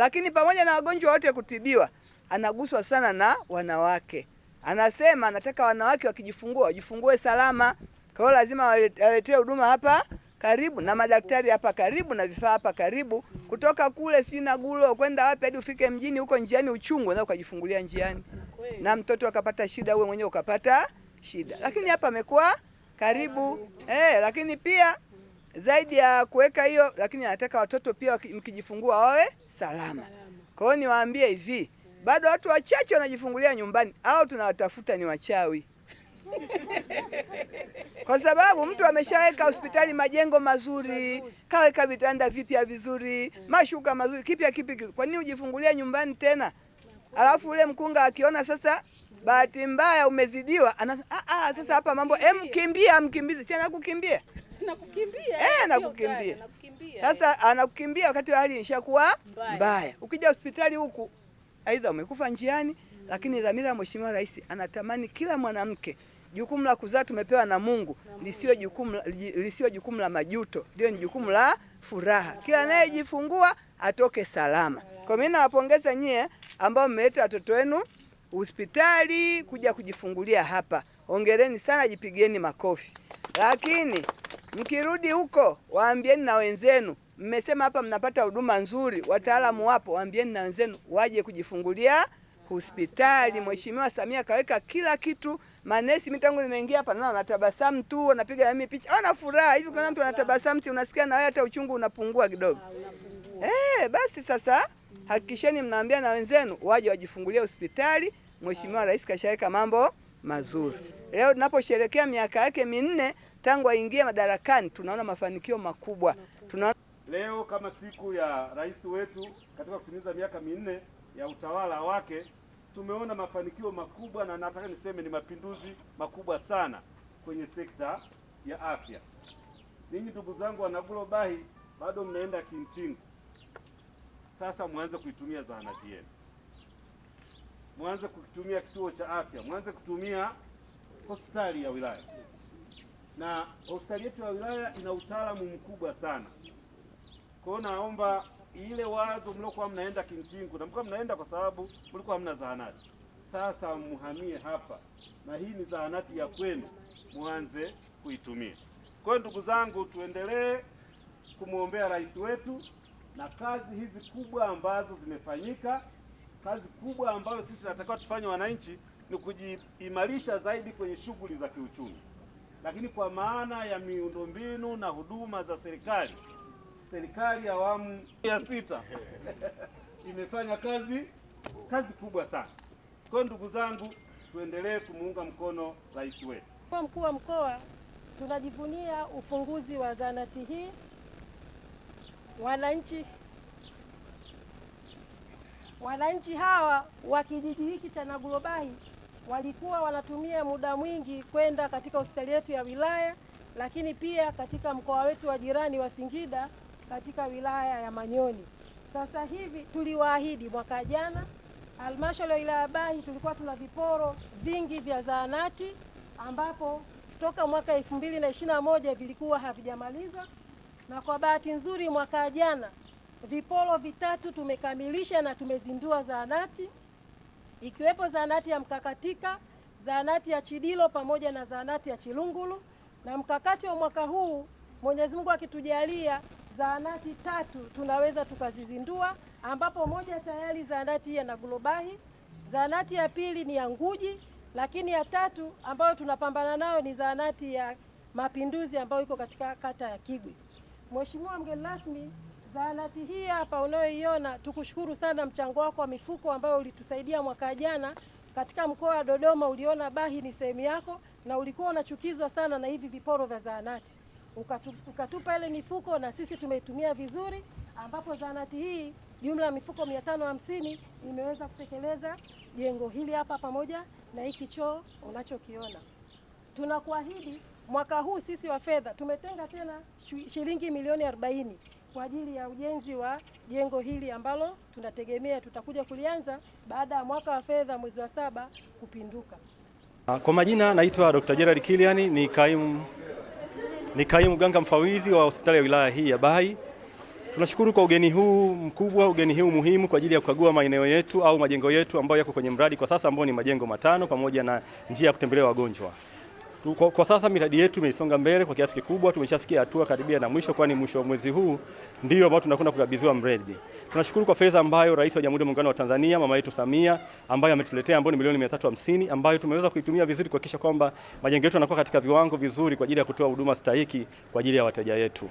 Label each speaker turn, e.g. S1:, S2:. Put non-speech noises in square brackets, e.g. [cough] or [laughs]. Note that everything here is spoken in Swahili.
S1: lakini pamoja na wagonjwa wote kutibiwa, anaguswa sana na wanawake. Anasema anataka wanawake wakijifungua wajifungue salama, kwa hiyo lazima waletee huduma hapa karibu na madaktari hapa karibu na vifaa hapa karibu, kutoka kule si na gulo kwenda wapi hadi ufike mjini huko, njiani uchungu na ukajifungulia njiani, na mtoto akapata shida, uwe mwenyewe ukapata shida. Lakini hapa amekuwa karibu eh, lakini pia zaidi ya kuweka hiyo, lakini anataka watoto pia mkijifungua wawe salama. Kwa hiyo niwaambie hivi, bado watu wachache wanajifungulia nyumbani au tunawatafuta ni wachawi [laughs] kwa sababu mtu ameshaweka hospitali majengo mazuri, kaweka vitanda vipya vizuri, mashuka mazuri, kipya kipi? Kwa nini ujifungulia nyumbani tena? Alafu ule mkunga akiona sasa bahati mbaya umezidiwa, anasema ah, ah, sasa hapa mambo, mkimbia mkimbizi, si anakukimbia.
S2: Eh,
S1: nakukimbia sasa, anakukimbia ah, wakati hali inshakuwa mbaya. Ukija hospitali huku, aidha umekufa njiani, lakini dhamira ya Mheshimiwa Rais anatamani kila mwanamke jukumu la kuzaa tumepewa na Mungu lisiwe jukumu, lisiwe jukumu la majuto, ndio ni jukumu la furaha. Kila anayejifungua atoke salama. Kwa mimi nawapongeza nyie ambao mmeleta watoto wenu hospitali kuja kujifungulia hapa, ongereni sana, jipigeni makofi lakini mkirudi huko waambieni na wenzenu, mmesema hapa mnapata huduma nzuri, wataalamu wapo, waambieni na wenzenu waje kujifungulia hospitali. Mheshimiwa Samia kaweka kila kitu. Manesi mimi tangu nimeingia hapa naona wanatabasamu tu, wanapiga nami picha, wana furaha hivi. Kuna mtu anatabasamu, si unasikia na wewe hata uchungu unapungua kidogo. Eh, basi sasa hakikisheni mnaambia na wenzenu waje wajifungulie hospitali. Mheshimiwa Rais kashaweka mambo mazuri. Leo tunaposherekea miaka yake minne tangu aingie madarakani, tunaona mafanikio makubwa. Tunaona
S3: leo kama siku ya rais wetu katika kutimiza miaka minne ya utawala wake, tumeona mafanikio makubwa, na nataka niseme ni mapinduzi makubwa sana kwenye sekta ya afya. Ninyi ndugu zangu wanagulobahi, bado mnaenda kimtingu, sasa mwanze kuitumia zahanati yenu mwanze kukitumia kituo cha afya, mwanze kutumia hospitali ya wilaya. Na hospitali yetu ya wilaya ina utaalamu mkubwa sana. Kwa hiyo naomba ile wazo mliokuwa mnaenda Kimtingu na mlikuwa mnaenda kwa sababu mlikuwa hamna zahanati, sasa mhamie hapa, na hii ni zahanati ya kwenu, mwanze kuitumia. Kwa hiyo ndugu zangu, tuendelee kumwombea rais wetu na kazi hizi kubwa ambazo zimefanyika kazi kubwa ambayo sisi tunatakiwa tufanye wananchi ni kujiimarisha zaidi kwenye shughuli za kiuchumi, lakini kwa maana ya miundombinu na huduma za serikali, serikali ya awamu ya sita [laughs] imefanya kazi kazi kubwa sana. Kwa ndugu zangu, tuendelee kumuunga mkono rais wetu.
S4: Mkuu wa mkoa, tunajivunia ufunguzi wa zahanati hii wananchi Wananchi hawa wa kijiji hiki cha Nagurobahi walikuwa wanatumia muda mwingi kwenda katika hospitali yetu ya wilaya, lakini pia katika mkoa wetu wa jirani wa Singida katika wilaya ya Manyoni. Sasa hivi tuliwaahidi mwaka jana halmashauri ya wilaya Bahi, tulikuwa tuna viporo vingi vya zahanati ambapo toka mwaka elfu mbili na ishirini na moja vilikuwa havijamalizwa, na kwa bahati nzuri mwaka jana vipolo vitatu tumekamilisha na tumezindua zahanati ikiwepo zahanati ya Mkakatika, zahanati ya Chidilo pamoja na zahanati ya Chilungulu, na mkakati wa mwaka huu Mwenyezi Mungu akitujalia zahanati tatu tunaweza tukazizindua, ambapo moja tayari zahanati ya nagulobahi zahanati ya pili ni ya Nguji, lakini ya tatu ambayo tunapambana nayo ni zahanati ya Mapinduzi ambayo iko katika kata ya Kigwi. Mheshimiwa mgeni rasmi, Zahanati hii hapa unayoiona, tukushukuru sana mchango wako wa mifuko ambayo ulitusaidia mwaka jana katika mkoa wa Dodoma. Uliona Bahi ni sehemu yako na ulikuwa unachukizwa sana na hivi viporo vya zahanati, ukatupa ile mifuko na sisi tumeitumia vizuri, ambapo zahanati hii jumla ya mifuko 550 imeweza kutekeleza jengo hili hapa pamoja na hiki choo unachokiona. Tunakuahidi mwaka huu sisi wa fedha tumetenga tena shilingi milioni 40 kwa ajili ya ujenzi wa jengo hili ambalo tunategemea tutakuja kulianza baada ya mwaka wa fedha mwezi wa saba kupinduka.
S5: Ah, kwa majina naitwa Dr. Gerald kilian ni kaimu ni kaimu mganga mfawidhi wa hospitali ya wilaya hii ya Bahi. Tunashukuru kwa ugeni huu mkubwa, ugeni huu muhimu kwa ajili ya kukagua maeneo yetu au majengo yetu ambayo yako kwenye mradi kwa sasa ambao ni majengo matano pamoja na njia ya kutembelea wagonjwa. Kwa, kwa sasa miradi yetu imeisonga mbele kwa kiasi kikubwa, tumeshafikia hatua karibia na mwisho, kwani mwisho wa mwezi huu ndio ambao tunakwenda kukabidhiwa mradi. Tunashukuru kwa fedha ambayo Rais wa Jamhuri ya Muungano wa Tanzania mama yetu Samia ambayo ametuletea ambayo ni milioni 350 ambayo tumeweza kuitumia vizuri kuhakikisha kwamba majengo yetu yanakuwa katika viwango vizuri kwa ajili ya kutoa huduma stahiki kwa ajili ya wateja wetu.